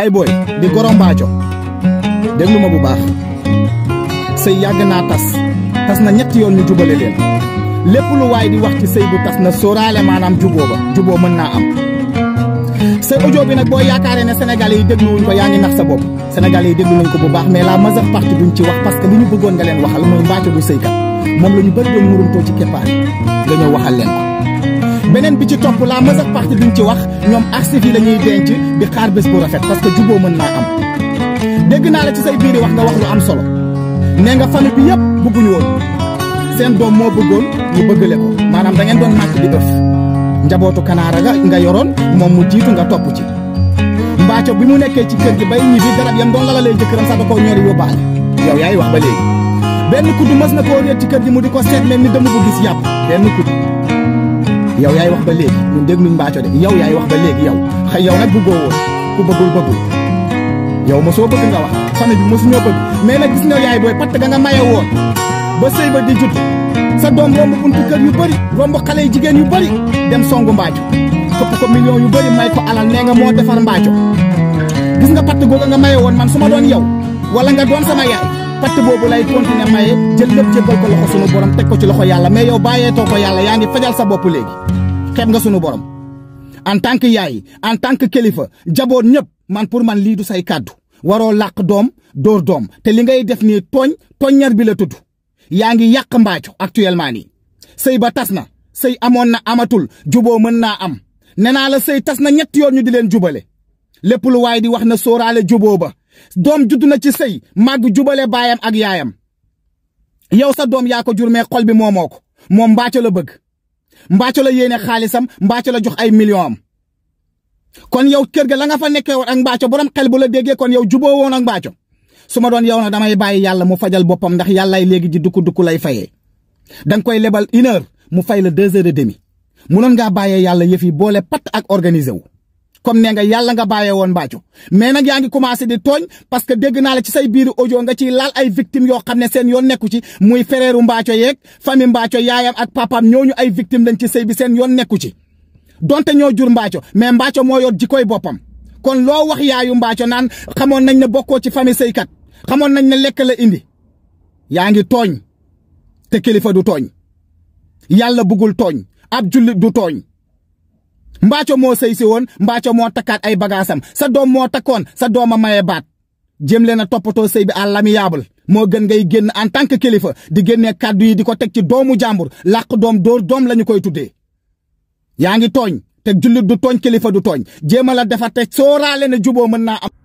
ay boy di gorom mbaajo déglu ma bu baax sëy yàgg naa tas tas na ñetti yoon ñu jubale leen lépp lu waay di wax ci sëy bu tas na sóoraale maanaam juboo ba juboo mën naa am sa audio bi nag boo yaakaaree ne sénégalais yi dégluwuñ ko yaa ngi nax sa bopp sénégalais yi déglu nañ ko bu baax mais la majeure partie duñ ci wax parce que li ñu bëggoon nga leen waxal mooy mbaaco du sëykat moom la ñu bëri doon murumtoo ci keppaar nga ñëw waxal leen beneen bi ci topp la majeure partie duñ ci wax ñoom archives yi la ñuy denc di xaar bés bu rafet parce que juboo naa am dégg naa la ci say wax nga wax lu am solo nee nga famille bi yëpp bëgguñu woon seen doom moo bëggoon ñu bëggale ko maanaam da ngeen doon màcc di ëf njabootu kanaara ga nga yoroon moom mu jiitu nga topp ci mbaaco bi mu nekkee ci kër gi bay ñibbi garab yam doon lalalee jëkkëram sax da koo ñori yóbbaale yow yaay wax ba léegi benn kudd mës na mu di ko seet mel ni dama ko gis yàpp benn kudd yow yaay wax ba léegi ñun dégluñ mbaaco de yow yaay wax ba léegi yow xëy yow nag bëggoo woon ku bëggul bëggul yow mosoo bëgg nga wax famille bi mosuñoo bëgg mais na gis nga yaay booy patt ga nga maye woon ba sëy ba di judd sa doom romb buntu kër yu bëri romb xale yu jigéen yu bëri dem songu mbaaco këpp ko million yu bëri may ko alal nee nga moo defar mbaaco gis nga patt googa nga maye woon man su ma doon yow wala nga doon sama yaay patt boobu lay continuer maye jël lépp jébbal ko loxo ci loxo yàlla mais yow bàyyeetoo ko yàlla yaa ngi fajal sa bopp léegi xeeb nga sunu borom en tant que yaay en tant que kilifa jaboot ñëpp man pour man lii du say kàddu waroo làq doom dóor doom te li ngay def nii tooñ tooññar bi la tudd yaa ngi yàq mbaaco actuellement nii sëy ba tas na sëy amoon na amatul juboo mën naa am nee naa la sëy tas na ñett yoon ñu di leen jubale lépp lu waaye di wax na sóoraale juboo ba doom judd na ci sëy màgg jubale baayam ak yaayam yow sa doom yaa ko jur mais xol bi moomoo ko moom mbaaco la bëgg mbaaco la yéene xaalisam mbaaco la jox ay million am kon yow kër gi la nga fa nekkee woon ak mbaaco borom xel bu la déggee kon yow juboo woon ak mbaaco suma ma doon yow na damay bàyyi yàlla mu fajal boppam ndax yàllaay léegi ji dukku dukku lay fayee danga koy lebal une mu fay la deux heures et demi munoon ngaa bàyyee yàlla yëf yi boole pat ak organiser wu. comme nee nga yàlla nga bàyyee woon mbàccu mais nag yaa ngi commencé di tooñ parce que dégg naa la ci say biiru audio nga ciy laal ay victimes yoo xam ne seen yoon nekku ci muy fereeru mbàcco yeeg famille mbàcco yaayam ak papaam ñooñu ay victimes lañ ci sëy bi seen yoon nekku ci donte ñoo jur mbàcco mais mbàcco moo yor jikkoy boppam kon loo wax yaayu mbàcco naan xamoon nañ ne bokkoo ci famille sëykat xamoon nañ ne lekk la indi yaa ngi tooñ te kilifa du tooñ yàlla bëggul tooñ ab jullit du tooñ mbaaco moo sëy si woon mbaaco moo takkaat ay bagaasam sa doom moo takkoon sa doom a maye baat jéem leen a toppatoo sëy bi à l'amiable moo gën ngay génn en tant que kilifa di génne kàddu yi di ko teg ci doomu jàmbur làq doom dóor doom la ñu koy tuddee yaa ngi tooñ teg jullit du tooñ kilifa du tooñ jéem a la defar te sooraale na juboo mën naa am